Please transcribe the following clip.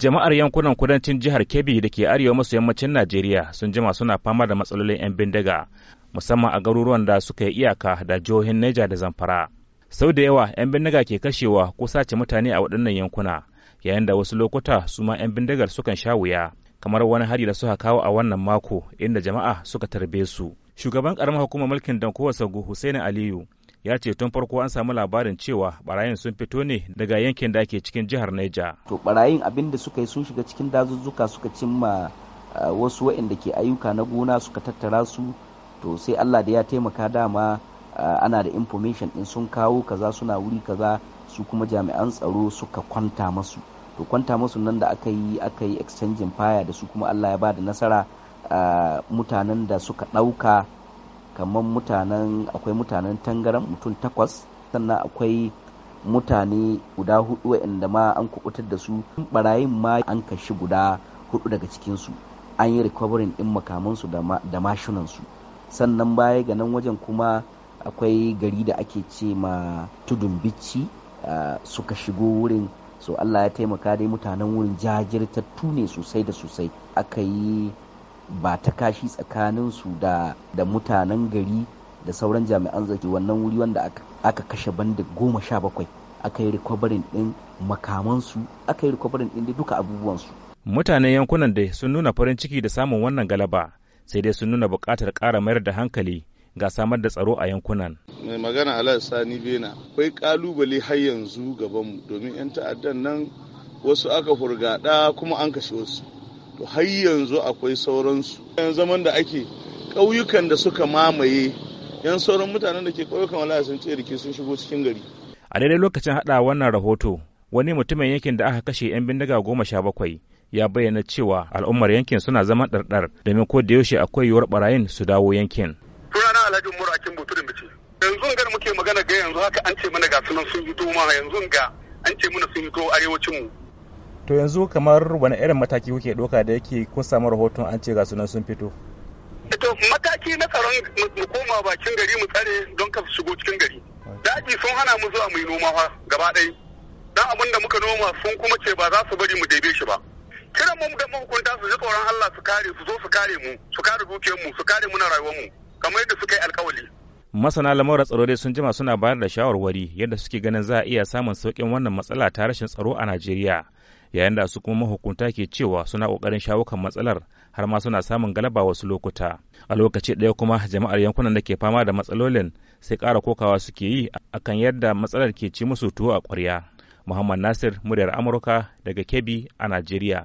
Jama'ar yankunan kudancin jihar Kebbi da ke arewa maso yammacin Najeriya sun jima suna fama da matsalolin 'yan bindiga musamman a garuruwan da suka yi iyaka da jihohin Neja da Zamfara. Sau da yawa 'yan bindiga ke kashewa ko sace mutane a waɗannan yankuna yayin da wasu lokuta su ma 'yan bindigar sukan sha wuya kamar wani hari da suka kawo a wannan mako inda jama'a suka tarbe su. Shugaban ƙaramar hukumar mulkin Dankowa Sagu Hussein Aliyu ya ce tun farko an samu labarin cewa barayin sun fito ne daga yankin da ake cikin jihar Neja. To barayin abin da suka yi sun shiga cikin dazuzzuka suka cimma eh, wasu waɗanda ke ayyuka na gona suka tattara su to sai Allah da ya taimaka dama eh, ana da information din sun kawo kaza suna wuri kaza su kuma jami'an tsaro suka kwanta masu to kwanta masu nan da aka yi aka yi exchanging fire da su kuma Allah ya ba da nasara eh, mutanen da suka ɗauka kamar mutanen akwai mutanen tangaran mutum takwas sannan akwai mutane guda hudu inda ma an kubutar da su barayin ma an kashi guda hudu daga cikinsu an yi recovering ɗin makamansu da mashinansu sannan baya ga nan wajen kuma akwai gari da ake ce ma tudun bicci suka shigo wurin so allah ya taimaka dai mutanen wurin jajirtattu ne sosai da sosai aka yi ba ta kashi tsakanin da da mutanen gari da sauran jami'an zaki wannan wuri wanda aka, kashe banda goma sha bakwai aka yi rikwabarin din makamansu aka yi rikwabarin din duka abubuwansu. mutanen yankunan da sun nuna farin ciki da samun wannan galaba sai dai sun nuna buƙatar ƙara mayar da hankali ga samar da tsaro a yankunan. mai magana alhaji sani bena akwai kalubale har yanzu gabanmu domin 'yan ta'addan nan wasu aka furgada kuma an kashe wasu to har yanzu akwai sauransu yan zaman da ake ƙauyukan da suka mamaye yan sauran mutanen da ke ƙauyukan wala sun ce rike sun shigo cikin gari a daidai lokacin hada wannan rahoto wani mutumin yankin da aka kashe 'yan bindiga goma sha bakwai ya bayyana cewa al'ummar yankin suna zama ɗarɗar domin ko da yaushe akwai yiwuwar barayin su dawo yankin. Sunana Alhaji Umaru Akin Buturin Bici. Yanzu ga muke magana ga yanzu haka an ce mana ga sunan sun yi ma yanzu ga an ce mana sun yi to arewacinmu. to yanzu kamar wani irin mataki kuke doka da yake kun samu rahoton an ce ga sunan sun fito to mataki na tsaron mu koma bakin gari mu tsare don ka shigo cikin gari daji sun hana mu zuwa mu yi noma fa gaba ɗaya dan abin da muka noma sun kuma ce ba za su bari mu debe shi ba kiran mu da mahukunta su ji tsoron Allah su kare su zo su kare mu su kare dukiyar mu su kare mu na rayuwar mu kamar yadda suka yi alkawali masana lamura tsaro dai sun jima suna bayar da shawarwari yadda suke ganin za a iya samun saukin wannan matsala ta rashin tsaro a Najeriya yayin da su kuma mahukunta ke cewa suna kokarin shawo kan matsalar har ma suna samun galaba wasu lokuta a lokaci ɗaya kuma jama'ar yankunan da ke fama da matsalolin sai ƙara kokawa suke yi akan yadda matsalar ke ci musu tuwo a ƙwarya muhammad nasir muryar amurka daga kebbi a najeriya